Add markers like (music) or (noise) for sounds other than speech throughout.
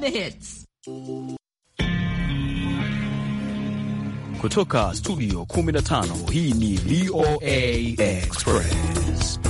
The hits. Kutoka studio 15 hii ni VOA Express.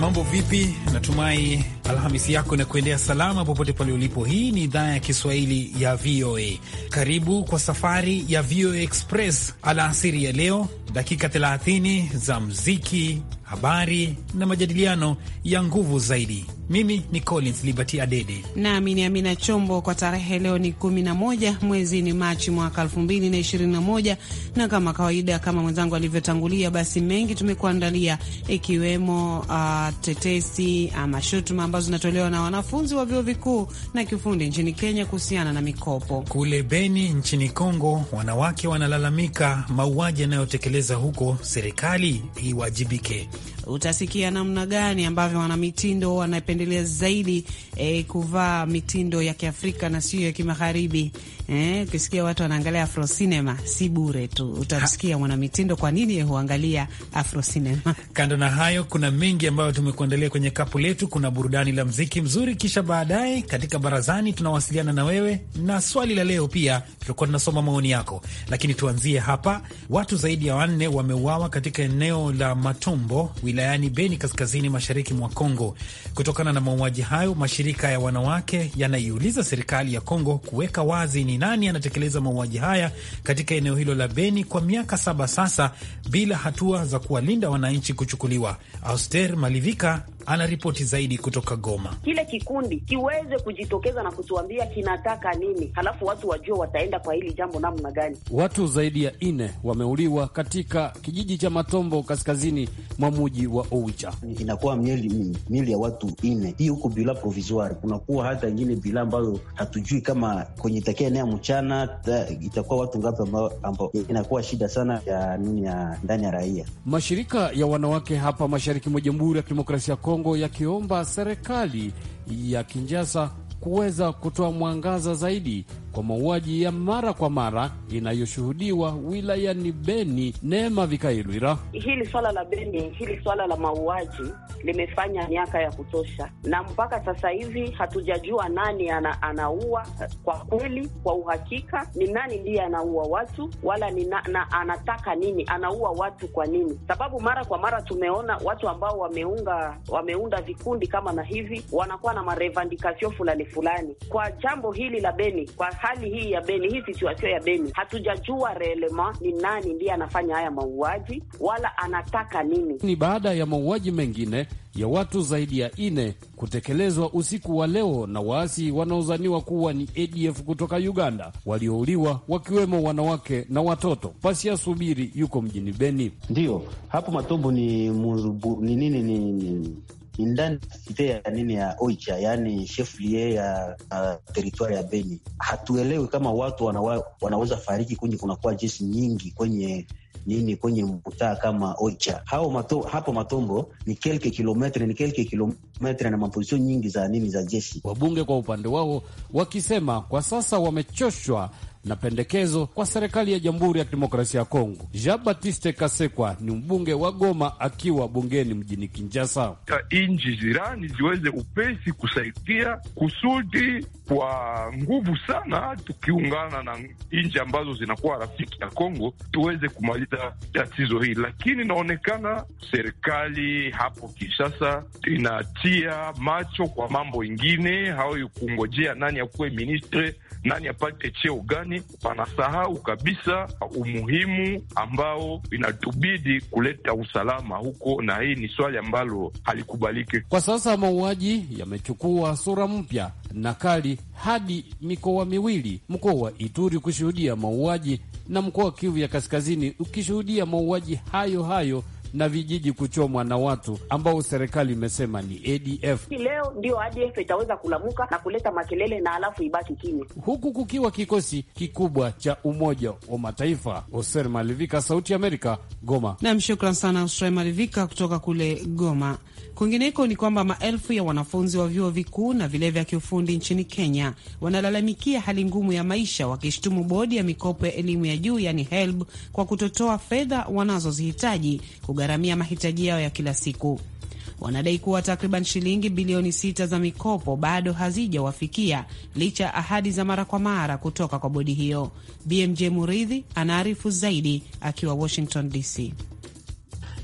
Mambo vipi? Natumai Alhamisi yako na kuendea salama popote pale ulipo. Hii ni idhaa ya Kiswahili ya VOA. Karibu kwa safari ya VOA Express alasiri ya leo, dakika 30 za mziki habari na majadiliano ya nguvu zaidi. Mimi ni Collins Liberty Adede nami ni Amina Chombo. Kwa tarehe leo ni 11 mwezi ni Machi mwaka 2021, na kama kawaida, kama mwenzangu alivyotangulia, basi mengi tumekuandalia, ikiwemo uh, tetesi ama shutuma ambazo zinatolewa na wanafunzi wa vyuo vikuu na kiufundi nchini Kenya kuhusiana na mikopo. Kule Beni nchini Kongo, wanawake wanalalamika mauaji yanayotekeleza huko, serikali iwajibike utasikia namna gani ambavyo wanamitindo wanapendelea zaidi eh, kuvaa mitindo ya Kiafrika na siyo ya Kimagharibi Eh, ukisikia watu wanaangalia afro cinema si bure tu, utamsikia mwanamitindo kwa nini huangalia afro cinema. (laughs) Kando na hayo, kuna mengi ambayo tumekuandalia kwenye kapu letu. Kuna burudani la mziki mzuri, kisha baadaye katika barazani tunawasiliana na wewe na swali la leo pia tutakuwa tunasoma maoni yako, lakini tuanzie hapa. Watu zaidi ya wanne wameuawa katika eneo la Matombo wilayani Beni, kaskazini mashariki mwa Kongo. Kutokana na mauaji hayo, mashirika ya wanawake yanaiuliza serikali ya Kongo kuweka wazi ni ni nani anatekeleza mauaji haya katika eneo hilo la Beni kwa miaka saba sasa bila hatua za kuwalinda wananchi kuchukuliwa. Auster Malivika ana ripoti zaidi kutoka Goma. Kile kikundi kiweze kujitokeza na kutuambia kinataka nini, halafu watu wajue wataenda kwa hili jambo namna gani. Watu zaidi ya nne wameuliwa katika kijiji cha Matombo kaskazini mwa muji wa Oicha. Inakuwa mieli mieli ya watu nne hii huko bila provisoire, kunakuwa hata ingine bila ambayo hatujui kama kwenye itakia enea mchana itakuwa watu ngapi ambao inakuwa shida sana ya nini ya ndani ya raia. Mashirika ya wanawake hapa mashariki mwa Jamhuri ya Kidemokrasia ya Kongo Kongo yakiomba serikali ya kinjasa kuweza kutoa mwangaza zaidi kwa mauaji ya mara kwa mara inayoshuhudiwa wilayani Beni. Neema Vikailwira, hili swala la Beni, hili swala la mauaji limefanya miaka ya kutosha, na mpaka sasa hivi hatujajua nani ana, anaua kwa kweli, kwa uhakika ni nani ndiye anaua watu wala ni na, na, anataka nini, anaua watu kwa nini? Sababu mara kwa mara tumeona watu ambao wameunga wameunda vikundi kama na hivi wanakuwa na marevandikasio fulani fulani kwa jambo hili la Beni kwa hali hii ya Beni, hii situasio ya Beni, hatujajua reelema ni nani ndiye anafanya haya mauaji wala anataka nini. Ni baada ya mauaji mengine ya watu zaidi ya ine kutekelezwa usiku wa leo na waasi wanaozaniwa kuwa ni ADF kutoka Uganda waliouliwa wakiwemo wanawake na watoto. Pasia Subiri yuko mjini Beni. Ndiyo hapo Matobo ni nini ni, ni, ni, ni ni ndani site ya nini ya Oicha, yaani shefulie ya uh, teritwari ya Beni. Hatuelewi kama watu wanawa, wanaweza fariki kwenye kunakuwa jeshi nyingi kwenye nini kwenye mtaa kama Oicha hao mato, hapo Matombo ni kelke kilometre ni kelke kilometre na mapozisio nyingi za nini za jeshi. Wabunge kwa upande wao wakisema kwa sasa wamechoshwa na pendekezo kwa serikali ya Jamhuri ya Kidemokrasia ya Kongo. Jean Batiste Kasekwa ni mbunge wa Goma akiwa bungeni mjini Kinjasa. Nchi jirani ziweze upesi kusaidia kusudi kwa nguvu sana, tukiungana na nchi ambazo zinakuwa rafiki ya Kongo tuweze kumaliza tatizo hili, lakini inaonekana serikali hapo Kinshasa inatia macho kwa mambo ingine, au kungojea nani akuwe ministre, nani apate cheo gani lakini panasahau kabisa umuhimu ambao inatubidi kuleta usalama huko, na hii ni swali ambalo halikubaliki kwa sasa. Mauaji yamechukua sura mpya na kali hadi mikoa miwili, mkoa wa Ituri kushuhudia mauaji na mkoa wa Kivu ya Kaskazini ukishuhudia mauaji hayo hayo na vijiji kuchomwa na watu ambao serikali imesema ni ADF. Leo ndio ADF itaweza kulamuka na kuleta makelele na alafu ibaki kimya, huku kukiwa kikosi kikubwa cha Umoja wa Mataifa. Oser Malivika, Sauti ya Amerika, Goma. Nam, shukran sana Oser Malivika kutoka kule Goma. Kwingineko ni kwamba maelfu ya wanafunzi wa vyuo vikuu na vile vya kiufundi nchini Kenya wanalalamikia hali ngumu ya maisha, wakishtumu bodi ya mikopo ya elimu ya juu, yani HELB, kwa kutotoa fedha wanazozihitaji kugharamia mahitaji yao ya kila siku. Wanadai kuwa takriban shilingi bilioni sita za mikopo bado hazijawafikia licha ya ahadi za mara kwa mara kutoka kwa bodi hiyo. BMJ Muridhi anaarifu zaidi akiwa Washington DC.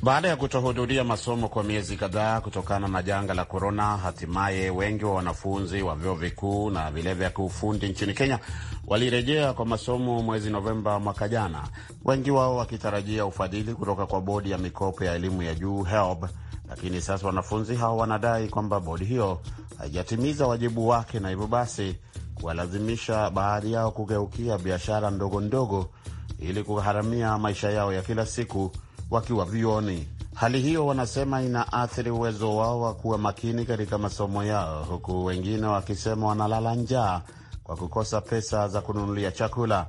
Baada ya kutohudhuria masomo kwa miezi kadhaa kutokana na janga la korona, hatimaye wengi wa wanafunzi wa vyuo vikuu na vile vya kiufundi nchini Kenya walirejea kwa masomo mwezi Novemba mwaka jana, wengi wao wakitarajia ufadhili kutoka kwa bodi ya mikopo ya elimu ya juu HELB, lakini sasa wanafunzi hao wanadai kwamba bodi hiyo haijatimiza wajibu wake na hivyo basi kuwalazimisha baadhi yao kugeukia biashara ndogo ndogo ili kugharamia maisha yao ya kila siku wakiwa vioni Hali hiyo wanasema inaathiri uwezo wao wa kuwa makini katika masomo yao, huku wengine wakisema wanalala njaa kwa kukosa pesa za kununulia chakula.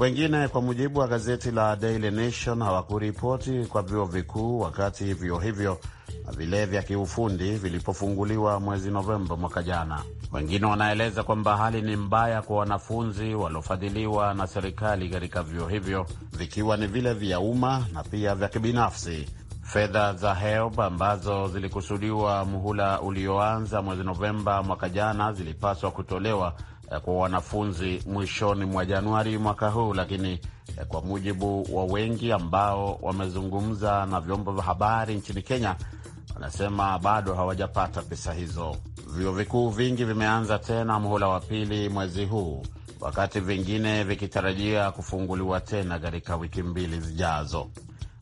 Wengine, kwa mujibu wa gazeti la Daily Nation, hawakuripoti kwa vyuo vikuu, wakati vyuo hivyo vile vya kiufundi vilipofunguliwa mwezi Novemba mwaka jana. Wengine wanaeleza kwamba hali ni mbaya kwa wanafunzi waliofadhiliwa na serikali katika vyuo hivyo, vikiwa ni vile vya umma na pia vya kibinafsi. Fedha za HELB ambazo zilikusudiwa muhula ulioanza mwezi Novemba mwaka jana zilipaswa kutolewa eh, kwa wanafunzi mwishoni mwa Januari mwaka huu, lakini eh, kwa mujibu wa wengi ambao wamezungumza na vyombo vya habari nchini Kenya anasema bado hawajapata pesa hizo. Vyuo vikuu vingi vimeanza tena mhula wa pili mwezi huu, wakati vingine vikitarajia kufunguliwa tena katika wiki mbili zijazo.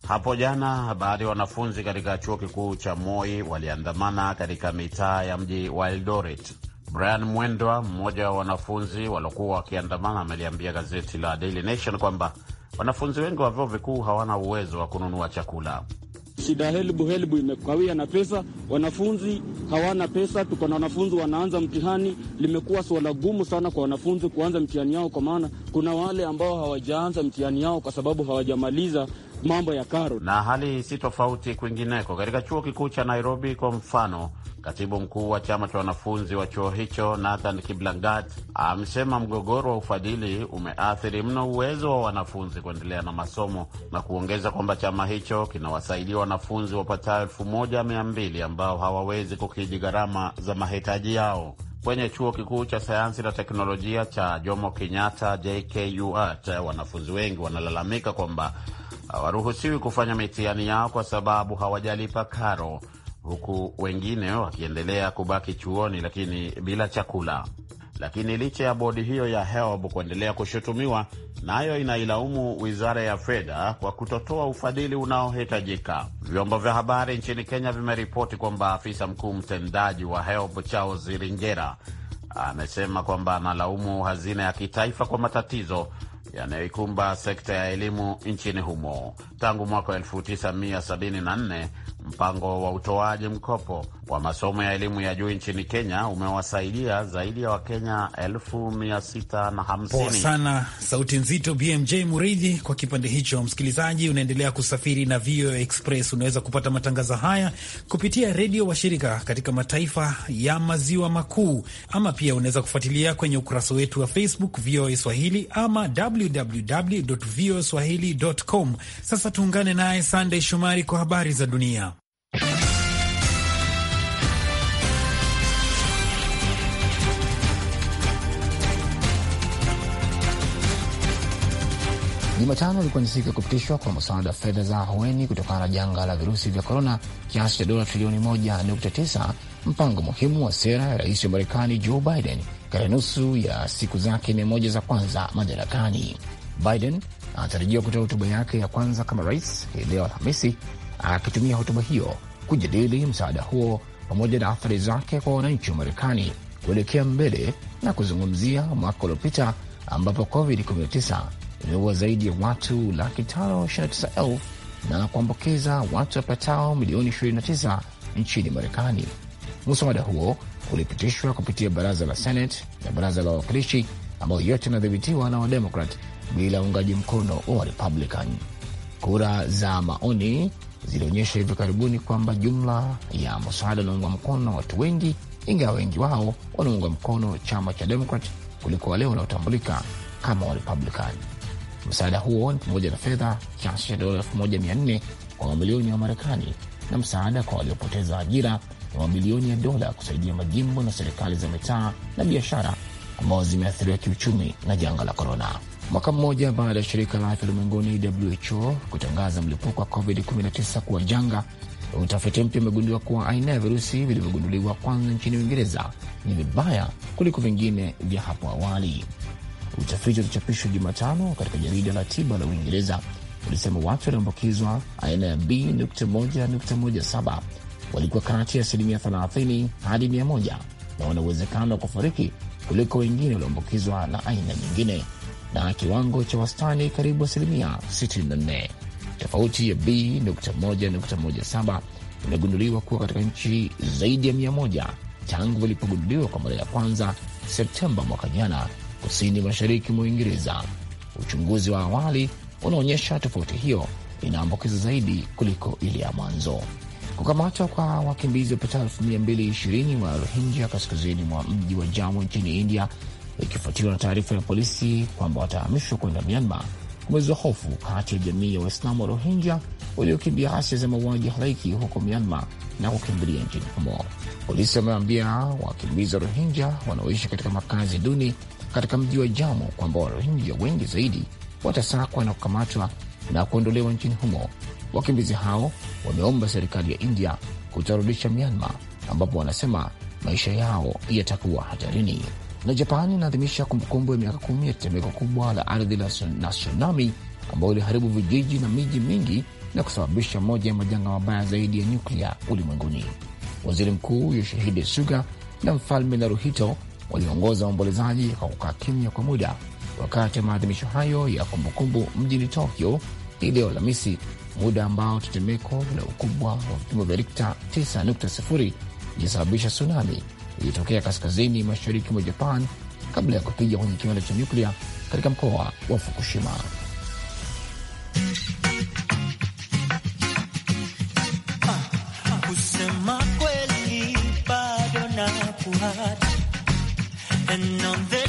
Hapo jana baadhi ya wanafunzi katika chuo kikuu cha Moi waliandamana katika mitaa ya mji wa Eldoret. Brian Mwendwa, mmoja wa wanafunzi waliokuwa wakiandamana, ameliambia gazeti la Daily Nation kwamba wanafunzi wengi wa vyuo vikuu hawana uwezo wa kununua chakula. Shida helbu helbu imekawia na pesa, wanafunzi hawana pesa. Tuko na wanafunzi wanaanza mtihani, limekuwa suala gumu sana kwa wanafunzi kuanza mtihani yao, kwa maana kuna wale ambao hawajaanza mtihani yao kwa sababu hawajamaliza mambo ya karo. Na hali si tofauti kwingineko. Katika chuo kikuu cha Nairobi kwa mfano, katibu mkuu wa chama cha wanafunzi wa chuo hicho Nathan Kiblangat amesema mgogoro wa ufadhili umeathiri mno uwezo wa wanafunzi kuendelea na masomo na kuongeza kwamba chama hicho kinawasaidia wanafunzi wapatao elfu moja mia mbili ambao hawawezi kukidhi gharama za mahitaji yao kwenye chuo kikuu cha sayansi na teknolojia cha Jomo Kenyatta JKUAT wanafunzi wengi wanalalamika kwamba hawaruhusiwi kufanya mitihani yao kwa sababu hawajalipa karo, huku wengine wakiendelea kubaki chuoni lakini bila chakula. Lakini licha ya bodi hiyo ya HELB kuendelea kushutumiwa, nayo na inailaumu wizara ya fedha kwa kutotoa ufadhili unaohitajika. Vyombo vya habari nchini Kenya vimeripoti kwamba afisa mkuu mtendaji wa HELB Charles Ringera amesema kwamba analaumu hazina ya kitaifa kwa matatizo yanayoikumba sekta ya elimu nchini humo. Tangu mwaka 1974 Mpango wa utoaji mkopo wa masomo ya elimu ya juu nchini Kenya umewasaidia zaidi ya Wakenya elfu mia sita na hamsini. Poa sana, sauti nzito BMJ Muridhi kwa kipande hicho. Msikilizaji, unaendelea kusafiri na VOA Express. Unaweza kupata matangazo haya kupitia redio washirika katika mataifa ya maziwa makuu, ama pia unaweza kufuatilia kwenye ukurasa wetu wa Facebook VOA Swahili ama www voaswahili.com. Sasa tuungane naye Sandey Shomari kwa habari za dunia. Jumatano ilikuwa ni siku ya kupitishwa kwa msaada wa fedha za ahueni kutokana na janga la virusi vya korona, kiasi cha dola trilioni 1.9, mpango muhimu wa sera ya rais wa Marekani Joe Biden katika nusu ya siku zake mia moja za kwanza madarakani. Biden anatarajiwa kutoa hotuba yake ya kwanza kama rais hii leo Alhamisi, akitumia hotuba hiyo kujadili msaada huo pamoja na athari zake kwa wananchi wa Marekani kuelekea mbele na kuzungumzia mwaka uliopita ambapo COVID-19 imeua zaidi ya watu laki tano ishirini na tisa elfu na kuambukiza watu wapatao milioni 29 nchini Marekani. Mswada huo ulipitishwa kupitia baraza la Senate na baraza la wawakilishi ambayo yote inadhibitiwa na Wademokrat bila uungaji mkono wa Warepublican. Kura za maoni zilionyesha hivi karibuni kwamba jumla ya mswada unaunga mkono na watu wengi, ingawa wengi wao wanaunga mkono chama cha Demokrat kuliko wale wanaotambulika kama Warepublican. Msaada huo ni pamoja na fedha kiasi cha dola elfu moja mia nne kwa mamilioni ya Marekani na msaada kwa waliopoteza ajira na mamilioni ya dola kusaidia majimbo na serikali za mitaa na biashara ambazo zimeathiriwa kiuchumi na janga la korona. Mwaka mmoja baada ya shirika la afya ulimwenguni WHO kutangaza mlipuko wa COVID-19 kuwa janga, utafiti mpya umegundua kuwa aina ya virusi vilivyogunduliwa kwanza nchini Uingereza ni vibaya kuliko vingine vya hapo awali. Utafiti ulichapishwa Jumatano katika jarida la tiba la Uingereza ulisema watu walioambukizwa aina ya B117 walikuwa kati ya asilimia 30 hadi 100 na wana uwezekano wa kufariki kuliko wengine walioambukizwa na aina nyingine, na kiwango cha wastani karibu asilimia 64. Tofauti ya B117 imegunduliwa kuwa katika nchi zaidi ya 100 tangu vilipogunduliwa kwa mara ya kwanza Septemba mwaka jana kusini mashariki mwa Uingereza. Uchunguzi wa awali unaonyesha tofauti hiyo inaambukiza zaidi kuliko ile ya mwanzo. Kukamatwa kwa wakimbizi wapatao elfu mia mbili ishirini wa Rohingya kaskazini mwa mji wa Jamu nchini India, ikifuatiwa na taarifa ya polisi kwamba watahamishwa kwenda Myanmar, kumezua hofu kati ya jamii ya Waislamu wa Rohingya waliokimbia ghasia za mauaji halaiki huko Myanmar na kukimbilia nchini humo. Polisi wameambia wakimbizi wa Rohingya wanaoishi katika makazi duni katika mji wa Jamo kwamba Warohingya wengi zaidi watasakwa na kukamatwa na kuondolewa nchini humo. Wakimbizi hao wameomba serikali ya India kutarudisha myanma ambapo wanasema maisha yao yatakuwa hatarini. Na Japani inaadhimisha kumbukumbu ya miaka kumi ya tetemeko kubwa la ardhi na tsunami ambayo iliharibu vijiji na miji mingi na kusababisha moja ya majanga mabaya zaidi ya nyuklia ulimwenguni. Waziri Mkuu Yoshihide Suga na Mfalme Naruhito waliongoza waombolezaji kwa kukaa kimya kwa muda wakati wa maadhimisho hayo ya kumbukumbu mjini Tokyo hii leo Alhamisi, muda ambao tetemeko la ukubwa wa vipimo vya Rikta 9.0 ilisababisha tsunami iliyotokea kaskazini mashariki mwa Japan kabla ya kupiga kwenye kiwanda cha nyuklia katika mkoa wa Fukushima. Uh, uh, and on the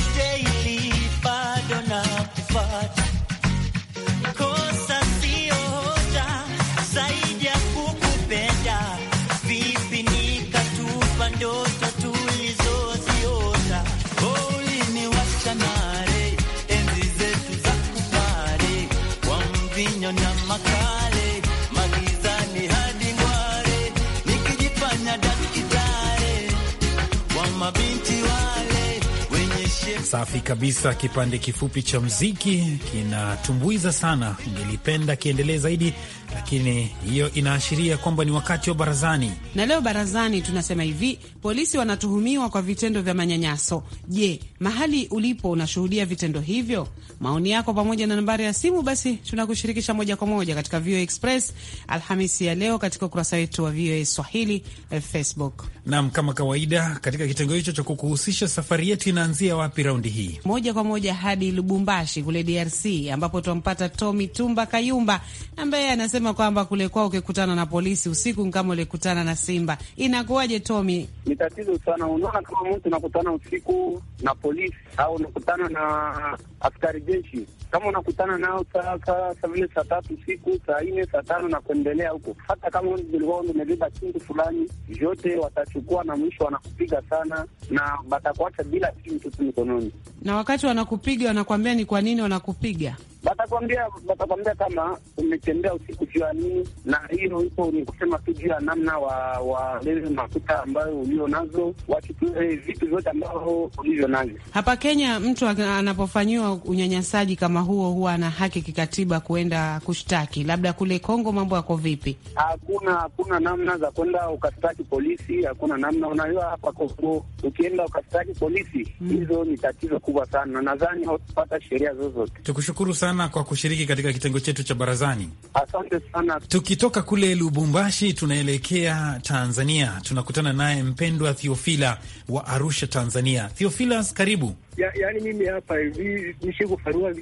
Safi kabisa, kipande kifupi cha mziki kinatumbuiza sana, nilipenda kiendelee zaidi lakini hiyo inaashiria kwamba ni wakati wa barazani. Na leo barazani tunasema hivi, polisi wanatuhumiwa kwa vitendo vya manyanyaso. Je, mahali ulipo unashuhudia vitendo hivyo? Maoni yako pamoja na nambari ya simu, basi tunakushirikisha moja kwa moja katika VOA Express Alhamisi ya leo katika ukurasa wetu wa VOA Swahili eh, Facebook. Naam, kama kawaida katika kitengo hicho cha kukuhusisha, safari yetu inaanzia wapi raundi hii? Moja kwa moja hadi Lubumbashi kule DRC ambapo tunampata Tommy Tumba Kayumba ambaye anasema unasema kwamba kule kwao ukikutana na polisi usiku kama ulikutana na simba, inakuwaje Tommy? Ni tatizo sana. Unaona, kama mtu unakutana usiku na polisi au unakutana na askari jeshi, kama unakutana nao saa saa vile saa tatu usiku, saa nne, saa tano na kuendelea huko, hata kama ulikuwa umebeba kintu fulani, vyote watachukua na mwisho wanakupiga sana na batakuacha bila kitu tu mkononi. Na wakati wanakupiga wanakuambia ni kwa nini wanakupiga Watakwambia watakwambia kama umetembea usiku juu ya nini, na hiyo ipo ni kusema tu juu ya namna wa walezi mafuta ambayo ulio nazo, wachukue vitu vyote ambavyo ulivyo navyo. Hapa Kenya, mtu anapofanyiwa unyanyasaji kama huo huwa ana haki kikatiba kuenda kushtaki. Labda kule Kongo mambo yako vipi? Hakuna hakuna namna za kwenda ukashtaki polisi, hakuna namna. Unajua hapa Kongo ukienda ukashtaki polisi, mm. hizo mm, ni tatizo kubwa sana. Nadhani hautapata sheria zozote. Tukushukuru sana sana kwa kushiriki katika kitengo chetu cha barazani. Asante sana. Tukitoka kule Lubumbashi tunaelekea Tanzania, tunakutana naye mpendwa Theofila wa Arusha, Tanzania. theofilas karibu ya, yaani mimi hapa hivi kufanyia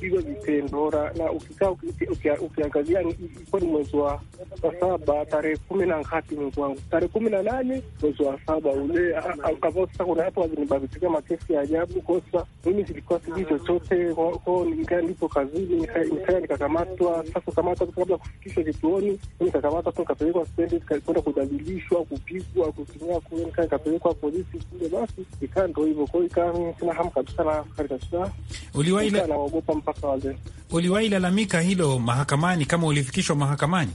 hivyo vitendo, na ukikaa ukiangazia ilikuwa ni mwezi wa saba tarehe kumi na ngapi, mwezi wangu tarehe kumi na nane mwezi wa saba ule ambao sasa kuna watu wazinibabitika matesi ya ajabu. Kosa mimi zilikuwa sijui chochote ko nikaa ndipo kazini, nikaa nikakamatwa. Sasa kukamatwa kabla kufikishwa kituoni, nikakamatwa tu nikapelekwa stendi, kwenda kudhalilishwa, kupigwa, kutumia kule, nikapelekwa polisi kule, basi ikaa ndo hivyo kwao ikaa Naam, kabisa na kabisa. Uliwahi lalamika hilo mahakamani kama ulifikishwa mahakamani?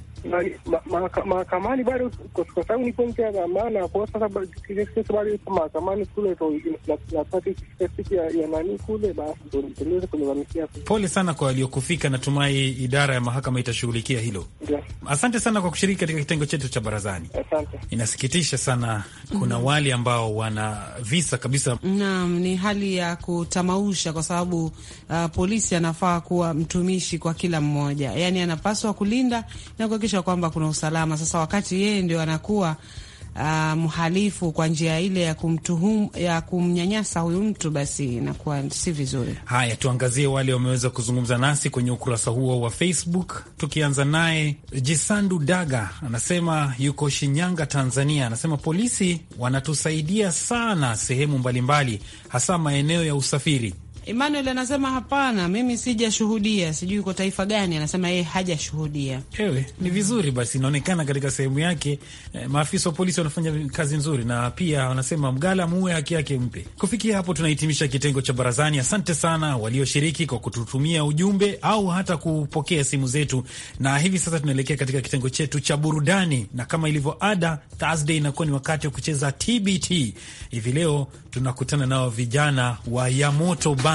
mahakamani bado, kwa sababu nipo nje ya dhamana. Kwa sasa kesi bado iko mahakamani kule, napati kufika siku ya nani kule, basi ndo nitembeze kulalamikia. Pole sana kwa waliokufika, natumai idara ya mahakama itashughulikia hilo. Asante sana kwa kushiriki katika kitengo chetu cha barazani. Asante. Inasikitisha sana, kuna mm-hmm. wale ambao wana visa kabisa. Naam, ni hali ya kutamausha kwa sababu uh, polisi anafaa kuwa mtumishi kwa kila mmoja, yani anapaswa kulinda na kuhakikisha kuhakikisha kwamba kuna usalama. Sasa wakati yeye ndio anakuwa Uh, mhalifu kwa njia ile ya kumtuhum, ya kumnyanyasa huyu mtu, basi inakuwa si vizuri. Haya, tuangazie wale wameweza kuzungumza nasi kwenye ukurasa huo wa Facebook, tukianza naye Jisandu Daga anasema yuko Shinyanga, Tanzania. Anasema polisi wanatusaidia sana sehemu mbalimbali, hasa maeneo ya usafiri Emmanuel anasema hapana, mimi sijashuhudia, sijui kwa taifa gani. Anasema yeye hajashuhudia. Ewe ni vizuri basi, inaonekana katika sehemu yake eh, maafisa wa polisi wanafanya kazi nzuri, na pia wanasema mgala muue haki yake mpe. Kufikia hapo, tunahitimisha kitengo cha barazani. Asante sana walioshiriki kwa kututumia ujumbe au hata kupokea simu zetu, na hivi sasa tunaelekea katika kitengo chetu cha burudani, na kama ilivyo ada, Thursday inakuwa ni wakati wa kucheza TBT. Hivi leo tunakutana nao vijana wa Yamoto Band.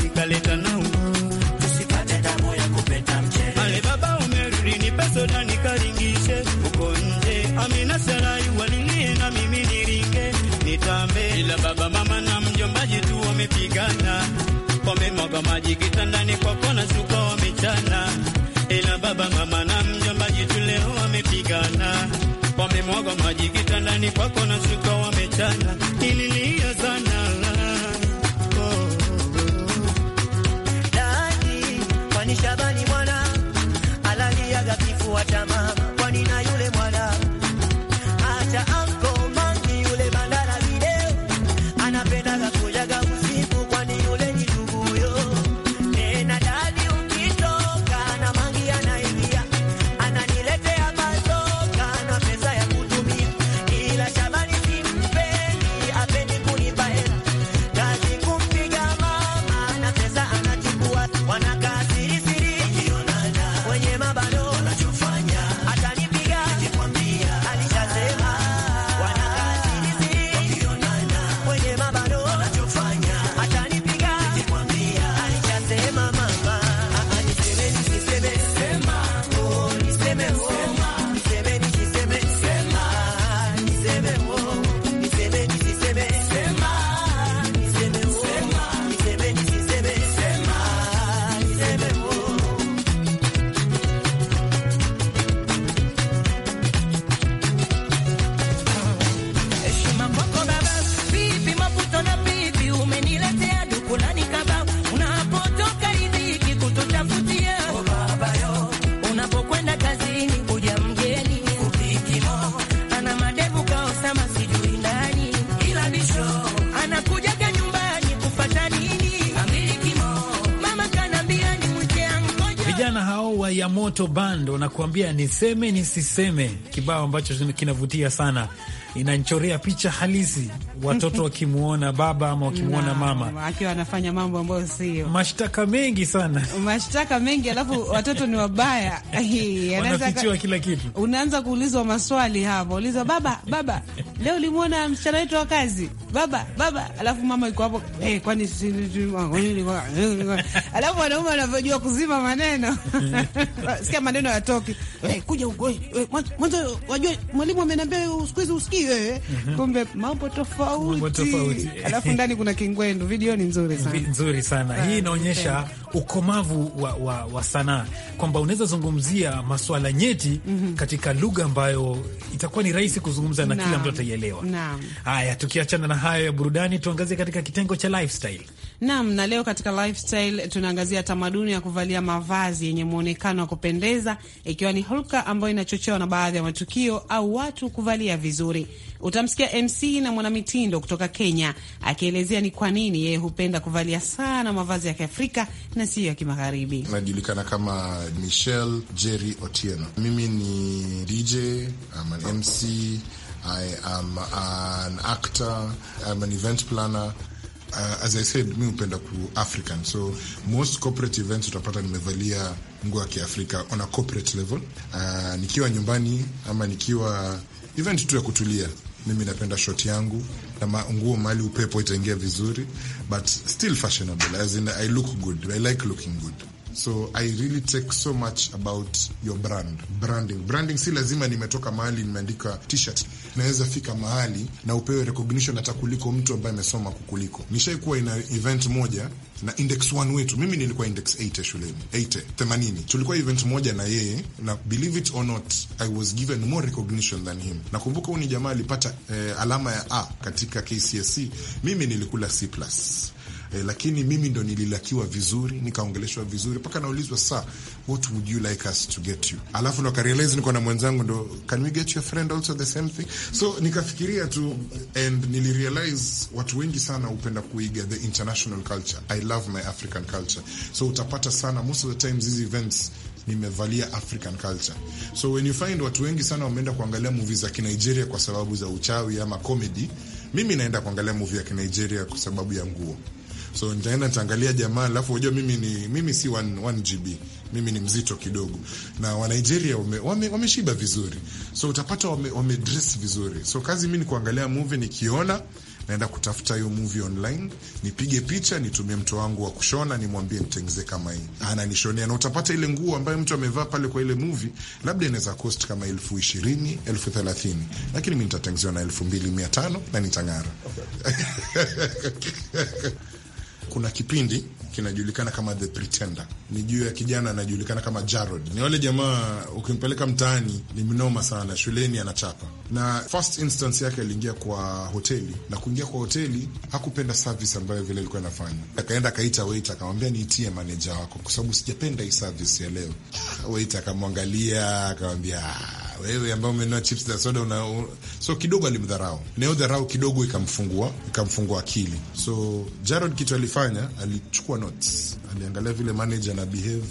Nikitandani kwako na wamechana, ila baba mama na mjomba jitu leo wamepigana, wamemwaga maji. Kitandani kwako na zuka wamechana, ililia sana Dadi kwani Shabani mwana alaliaga kifua Moto Band wanakuambia niseme nisiseme, kibao ambacho kinavutia sana inanchorea picha halisi, watoto (laughs) wakimwona baba ama wakimwona mama akiwa anafanya mambo ambayo sio, mashtaka mengi sana, mashtaka mengi alafu watoto ni wabaya (laughs) wanafichiwa kila kitu. Unaanza kuulizwa maswali hapo, uliza baba, baba, (laughs) leo ulimwona msichana wetu wa kazi, baba, baba, alafu mama iko hapo hey, eh, kwani eh, alafu wanaume wanavyojua kuzima maneno sikia maneno yatoki, hey, eh, kuja huko mwanzo, wajue mwalimu ameniambia siku hizi usikie hii wewe, eh? mhm. kumbe mambo tofauti. Alafu ndani kuna kingwendu. Video ni nzuri sana, nzuri sana. Hii inaonyesha ukomavu wa, wa, wa sanaa kwamba unaweza zungumzia maswala nyeti mm -hmm. katika lugha ambayo itakuwa ni rahisi kuzungumza na, na kila mtu ataielewa. Haya, tukiachana na hayo ya burudani, tuangazie katika kitengo cha lifestyle. Naam, na leo katika lifestyle tunaangazia tamaduni ya kuvalia mavazi yenye mwonekano wa kupendeza, ikiwa ni hulka ambayo inachochewa na baadhi ya matukio au watu kuvalia vizuri. Utamsikia MC na mwanamitindo kutoka Kenya akielezea ni kwa nini yeye hupenda kuvalia sana mavazi ya Kiafrika na siyo ya Kimagharibi. Najulikana kama Michelle Jerry Otieno. Mimi ni DJ, I'm an MC I am an actor, I'm an event planner uh, as I said mi hupenda ku African so most corporate events utapata nimevalia nguo ya Kiafrika on a corporate level uh, nikiwa nyumbani ama nikiwa event tu ya kutulia mimi napenda shoti yangu na nguo mali upepo itaingia vizuri but still fashionable as in I look good I like looking good So I really take so much about your brand. Branding. Branding si lazima nimetoka mahali nimeandika t-shirt. Naweza fika mahali na upewe recognition hata kuliko mtu ambaye amesoma kukuliko. Nishaikuwa ina event moja na index 1 wetu. Mimi nilikuwa index 80 shuleni. 80, 80. Tulikuwa event moja na yeye na believe it or not I was given more recognition than him. Nakumbuka huyu jamaa alipata eh, alama ya A katika KCSE. Mimi nilikula C+ eh, lakini mimi ndo nililakiwa vizuri, nikaongeleshwa vizuri mpaka naulizwa sa what would you like us to get you, alafu ndo karealize niko na mwenzangu ndo can we get your friend also the same thing, so nikafikiria tu and nilirealize watu wengi sana hupenda kuiga the international culture. I love my African culture, so utapata sana most of the times these events nimevalia African culture. So when you find watu wengi sana wameenda kuangalia movie za Kinigeria kwa sababu za uchawi ama comedy, mimi naenda kuangalia movie ya Kinigeria kwa sababu ya nguo so nitaenda nitaangalia jamaa, alafu unajua mimi ni mimi si 1GB mimi ni mzito kidogo, na wa Nigeria wameshiba wame, wame vizuri, so utapata wame, wame dress vizuri. So kazi mimi ni kuangalia movie, nikiona naenda kutafuta hiyo movie online, nipige picha, nitumie mtu wangu wa kushona, nimwambie nitengeze kama hii, ananishonea. Na utapata ile nguo ambayo mtu amevaa pale kwa ile movie, labda inaweza cost kama elfu ishirini elfu thelathini lakini mi nitatengezewa na elfu mbili mia tano na nitang'ara. Okay. (laughs) kuna kipindi kinajulikana kama The Pretender, ni juu ya kijana anajulikana kama Jared. Ni wale jamaa ukimpeleka mtaani ni mnoma sana, shuleni anachapa. Na first instance yake aliingia kwa hoteli, na kuingia kwa hoteli hakupenda service ambayo vile ilikuwa inafanya. Akaenda akaita waiter, akamwambia niitie manager wako, kwa sababu sijapenda hii service ya leo. Waiter akamwangalia akamwambia ah wewe ambao umenunua chips na soda una, so kidogo alimdharau nayo dharau kidogo ikamfungua ikamfungua akili. So Jared kitu alifanya alichukua notes, aliangalia vile manager na behave,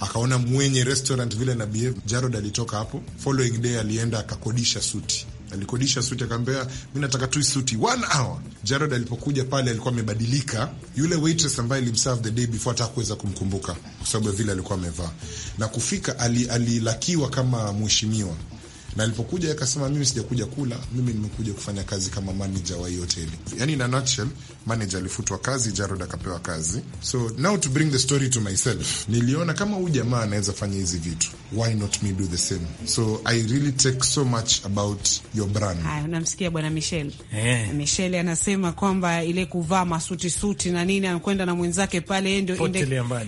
akaona mwenye restaurant vile na behave. Jared alitoka hapo, following day alienda akakodisha suti alikodisha suti akaambia, mi nataka tu suti one hour. Jared alipokuja pale alikuwa amebadilika. Yule waitress ambaye alimserve the day before kuweza kumkumbuka kwa sababu ya vile alikuwa amevaa na kufika, alilakiwa ali kama mheshimiwa na alipokuja akasema, mimi sijakuja kula, mimi nimekuja kufanya kazi kama manager wa hii hoteli. Yani, in a nutshell, manager alifutwa kazi, Jarod akapewa kazi. So now to bring the story to myself, niliona kama huyu jamaa anaweza fanya hizi vitu, why not me do the same? So I really take so much about your brand. Haya, unamsikia bwana Michel. Yeah. Michel anasema kwamba ile kuvaa masuti suti na nini, anakwenda na mwenzake pale, yeye ndio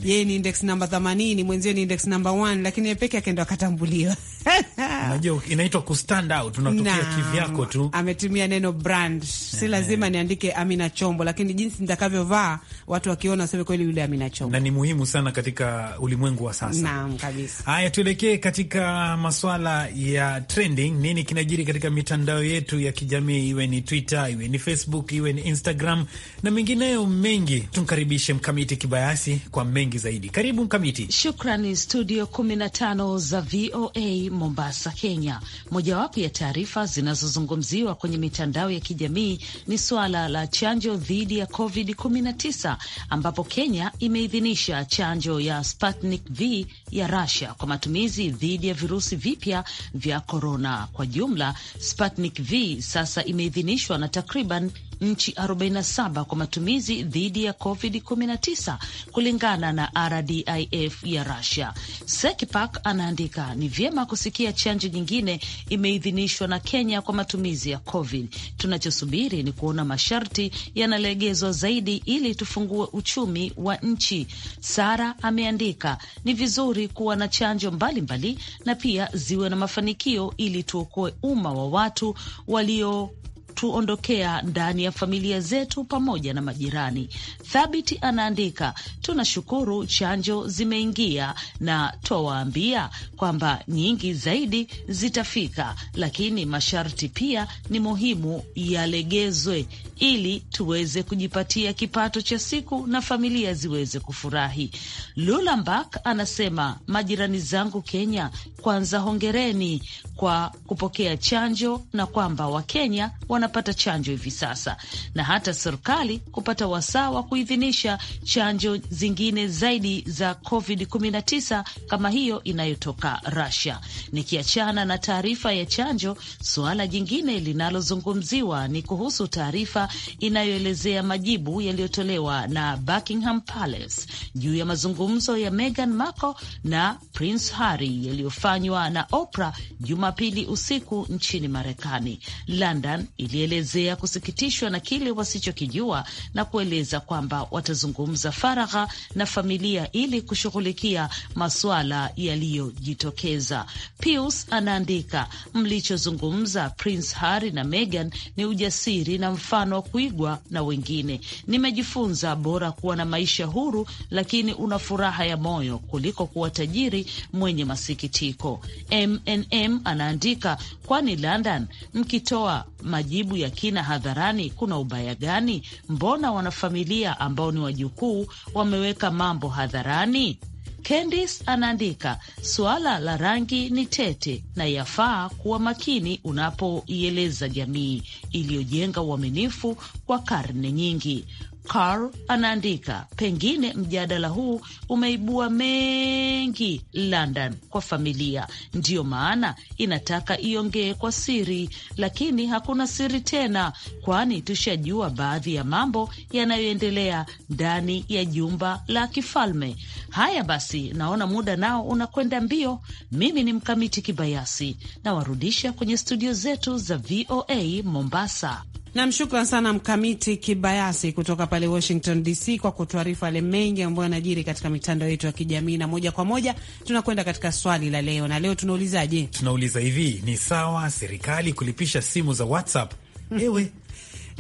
yeye ni index namba 80, mwenzie ni index namba 1, lakini yeye peke yake ndio akatambuliwa. (laughs) Unajua inaitwa ku stand out, unatokea kivyako tu. Ametumia neno brand, si eh. lazima niandike Amina Chombo jambo, lakini jinsi nitakavyovaa watu wakiona waseme kweli yule aminachoma. na ni muhimu sana katika ulimwengu wa sasa. Naam kabisa. Haya, tuelekee katika maswala ya trending. Nini kinajiri katika mitandao yetu ya kijamii, iwe ni Twitter, iwe ni Facebook, iwe ni Instagram na mengineyo mengi. Tumkaribishe Mkamiti Kibayasi kwa mengi zaidi. Karibu Mkamiti. Shukrani studio 15 za VOA Mombasa, Kenya. Mojawapo ya taarifa zinazozungumziwa kwenye mitandao ya kijamii ni suala la chanjo dhidi ya COVID-19 ambapo Kenya imeidhinisha chanjo ya Sputnik V ya Russia kwa matumizi dhidi ya virusi vipya vya korona. Kwa jumla, Sputnik V sasa imeidhinishwa na takriban nchi 47 kwa matumizi dhidi ya COVID-19 kulingana na RDIF ya Russia. Sekipak anaandika ni vyema kusikia chanjo nyingine imeidhinishwa na Kenya kwa matumizi ya COVID. Tunachosubiri ni kuona masharti yanalegezwa zaidi ili tufungue uchumi wa nchi. Sara ameandika ni vizuri kuwa na chanjo mbalimbali na pia ziwe na mafanikio ili tuokoe umma wa watu walio tuondokea ndani ya familia zetu pamoja na majirani. Thabiti anaandika, tunashukuru chanjo zimeingia, na twawaambia kwamba nyingi zaidi zitafika, lakini masharti pia ni muhimu yalegezwe, ili tuweze kujipatia kipato cha siku na familia ziweze kufurahi. Lulambak anasema majirani zangu Kenya, kwanza hongereni kwa kupokea chanjo na kwamba Wakenya wana wanapata chanjo hivi sasa, na hata serikali kupata wasaa wa kuidhinisha chanjo zingine zaidi za COVID-19 kama hiyo inayotoka Russia. Nikiachana na taarifa ya chanjo, suala jingine linalozungumziwa ni kuhusu taarifa inayoelezea majibu yaliyotolewa na Buckingham Palace juu ya mazungumzo ya Meghan Markle na Prince Harry yaliyofanywa na Oprah Jumapili usiku nchini Marekani. London ilielezea kusikitishwa na kile wasichokijua na kueleza kwamba watazungumza faragha na familia ili kushughulikia masuala yaliyojitokeza. Pius anaandika, mlichozungumza Prince Harry na Meghan ni ujasiri na mfano wa kuigwa na wengine. Nimejifunza bora kuwa na maisha huru lakini una furaha ya moyo kuliko kuwa tajiri mwenye masikitiko. MNM anaandika, kwani London mkitoa majibu ya kina hadharani, kuna ubaya gani? Mbona wanafamilia ambao ni wajukuu wameweka mambo hadharani? kendis anaandika, suala la rangi ni tete na yafaa kuwa makini unapoieleza jamii iliyojenga uaminifu kwa karne nyingi. Carl anaandika, pengine mjadala huu umeibua mengi London kwa familia, ndiyo maana inataka iongee kwa siri, lakini hakuna siri tena, kwani tushajua baadhi ya mambo yanayoendelea ndani ya jumba la kifalme. Haya basi, naona muda nao unakwenda mbio. Mimi ni Mkamiti Kibayasi, nawarudisha kwenye studio zetu za VOA Mombasa. Nam, shukran sana Mkamiti Kibayasi kutoka pale Washington DC kwa kutuarifu yale mengi ambayo yanajiri katika mitandao yetu ya kijamii. Na moja kwa moja tunakwenda katika swali la leo, na leo tunaulizaje? Tunauliza hivi, ni sawa serikali kulipisha simu za WhatsApp? Ewe (laughs)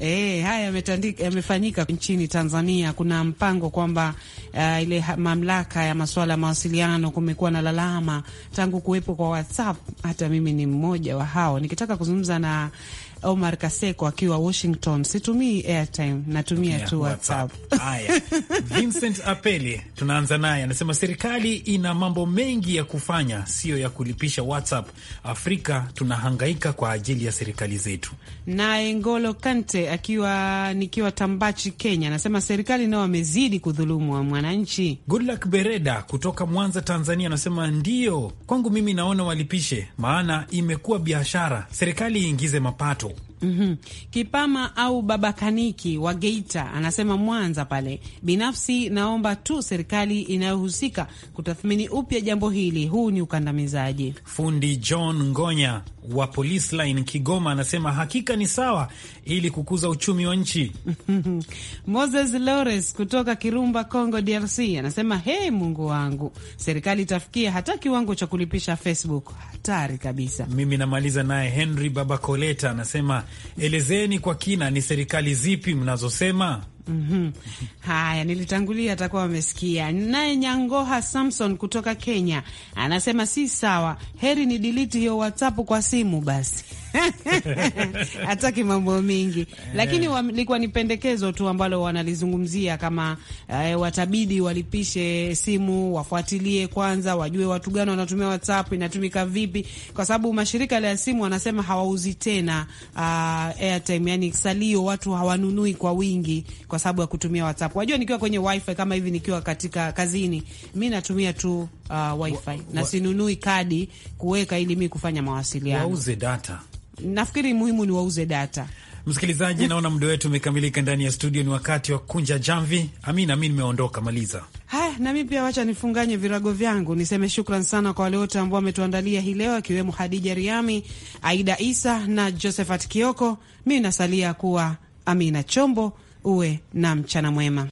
E, haya yamefanyika nchini Tanzania. Kuna mpango kwamba uh, ile mamlaka ya masuala ya mawasiliano, kumekuwa na lalama tangu kuwepo kwa WhatsApp. Hata mimi ni mmoja wa hao, nikitaka kuzungumza na Omar Kaseko akiwa Washington. Situmii airtime, natumia okay, tu WhatsApp. Haya, (laughs) Vincent Apele tunaanza naye, anasema serikali ina mambo mengi ya kufanya, siyo ya kulipisha WhatsApp. Afrika tunahangaika kwa ajili ya serikali zetu. Naye Ngolo Kante akiwa nikiwa Tambachi, Kenya, anasema serikali nao wamezidi kudhulumu wa mwananchi. Goodluck Bereda kutoka Mwanza, Tanzania, anasema ndiyo, kwangu mimi naona walipishe, maana imekuwa biashara. Serikali iingize mapato Mm -hmm. Kipama au Baba Kaniki wa Geita anasema Mwanza pale, binafsi naomba tu serikali inayohusika kutathmini upya jambo hili, huu ni ukandamizaji. Fundi John Ngonya wa Police Line Kigoma anasema hakika ni sawa, ili kukuza uchumi wa nchi. (laughs) Moses Lores kutoka Kirumba, Congo DRC anasema hey, Mungu wangu, serikali itafikia hata kiwango cha kulipisha Facebook. Hatari kabisa. Mimi namaliza naye Henry Baba Koleta anasema elezeni kwa kina ni serikali zipi mnazosema? Mm -hmm. Haya, nilitangulia atakuwa wamesikia. Naye Nyangoha Samson kutoka Kenya anasema si sawa, heri ni diliti hiyo WhatsApp kwa simu basi. (laughs) hataki mambo mingi, lakini eh. walikuwa ni pendekezo tu ambalo wanalizungumzia kama eh, watabidi walipishe simu, wafuatilie kwanza, wajue watu gani wanatumia WhatsApp, inatumika vipi, kwa sababu mashirika ya simu wanasema hawauzi tena uh, airtime, yani salio, watu hawanunui kwa wingi kwa sababu ya kutumia WhatsApp. Wajua, nikiwa kwenye wifi kama hivi, nikiwa katika kazini, mi natumia tu uh, wifi wa, wa, na sinunui kadi kuweka ili mi kufanya mawasiliano, wauze data nafikiri muhimu ni wauze data. Msikilizaji, naona muda wetu umekamilika. Ndani ya studio ni wakati wa kunja jamvi. Amina, mi nimeondoka maliza. Haya, na mi pia wacha nifunganye virago vyangu, niseme shukran sana kwa wale wote ambao wametuandalia hii leo, akiwemo Hadija Riami, Aida Isa na Josephat Kioko. Mi nasalia kuwa Amina Chombo. Uwe na mchana mwema.